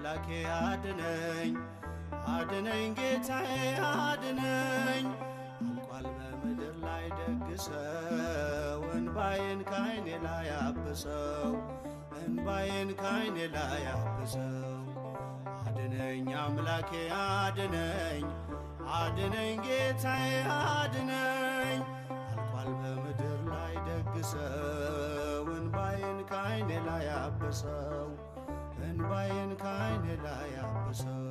አምላኬ አድነኝ፣ አድነኝ ጌታዬ አድነኝ። አልቋል በምድር ላይ ደግሰው እንባዬን ካይኔ ላይ አብሰው እንባዬን ካይኔ ላይ አብሰው። አድነኝ አምላኬ አድነኝ፣ አድነኝ ጌታዬ አድነኝ። አልቋል በምድር ላይ ደግሰው እንባዬን ካይኔ ላይ አብሰው እንባዬን ከዓይኔ ላይ አብሰው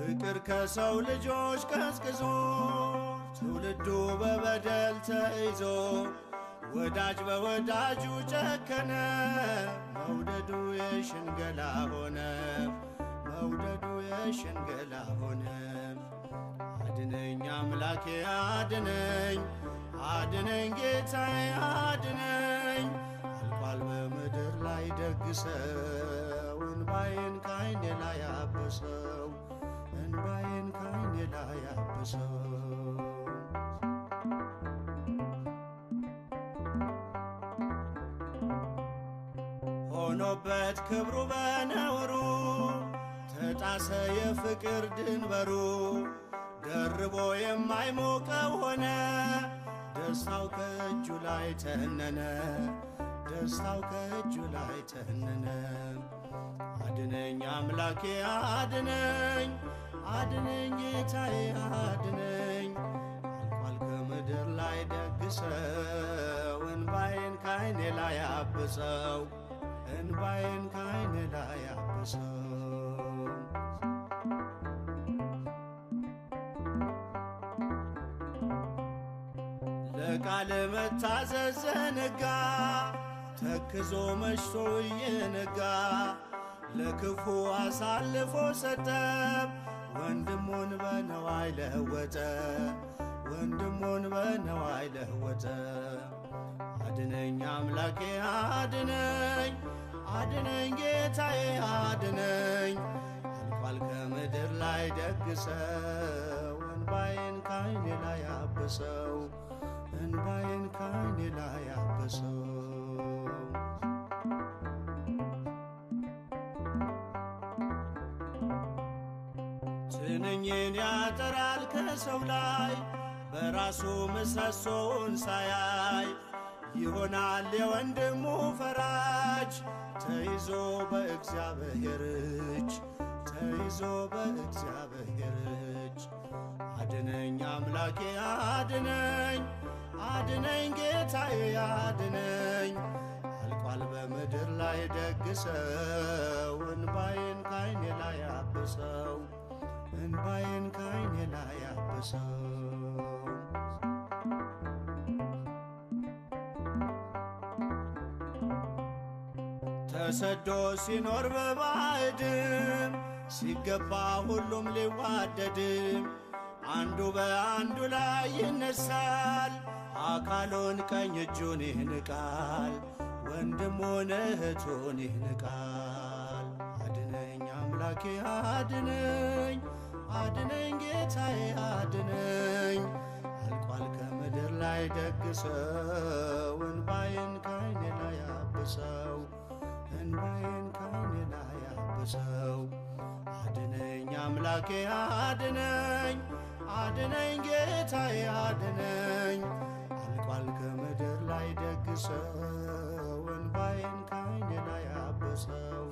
ፍቅር ከሰው ልጆች ቀዝቅዞ ትውልዱ በበደል ተይዞ ወዳጅ በወዳጁ ጨከነ። መውደዱ የሽንገላ ሆነ፣ መውደዱ የሽንገላ ሆነ። አድነኝ አምላኬ አድነኝ አድነኝ ጌታዬ አድነኝ። አልቋል በምድር ላይ ደግሰው እንባዬን ካይኔ ላይ አብሰው እንባዬን ካይኔ ላይ አብሰው ሆኖበት ክብሩ በነውሩ ተጣሰ የፍቅር ድንበሩ ደርቦ የማይሞቀው ሆነ ደስታው ከእጁ ላይ ተነነ፣ ደስታው ከእጁ ላይ ተነነ። አድነኝ አምላኬ አድነኝ፣ አድነኝ ጌታዬ አድነኝ። አልኳል ከምድር ላይ ደግሰው እንባዬን ከዓይኔ ላይ አብሰው እንባዬን ከዓይኔ ላይ አብሰው በቃለ መታዘዝ ተክዞ መሽቶ እየነጋ ለክፉ አሳልፎ ሰጠም ወንድሙን በነዋይ ለወጠ ወንድሙን በነዋይ ለወጠ። አድነኝ አምላኬ አድነኝ አድነኝ ጌታዬ አድነኝ አልቋል ከምድር ላይ ደግሰው እንባዬን ካይኔ ላይ አብሰው እንባዬን ካይኔ ላይ አበሰው ትንኝን ያጠራል ከሰው ላይ በራሱ ምሰሶውን ሳያይ ይሆናል የወንድሙ ፈራጅ ተይዞ በእግዚአብሔር እጅ ተይዞ በእግዚአብሔር እጅ አድነኝ አምላኬ አድነኝ አድነኝ ጌታዬ አድነኝ። አልቋል በምድር ላይ ደግሰው እንባዬን ካይኔ ላይ አብሰው እንባዬን ካይኔ ላይ አብሰው ተሰዶ ሲኖር በባዕድም ሲገባ ሁሉም ሊዋደድም አንዱ በአንዱ ላይ ይነሳል፣ አካሉን ቀኝ እጁን ይንቃል፣ ወንድሙን እህቱን ይንቃል። አድነኝ አምላኬ አድነኝ፣ አድነኝ ጌታዬ አድነኝ። አልቋል ከምድር ላይ ደግሰው እንባዬን ከዓይኔ ላይ አብሰው እንባዬን ከዓይኔ ላይ አብሰው አድነኝ አምላኬ አድነኝ አድነኝ ጌታዬ አድነኝ። አልቋል ከምድር ላይ ደግሰው እንባዬን ከዓይኔ ላይ አብሰው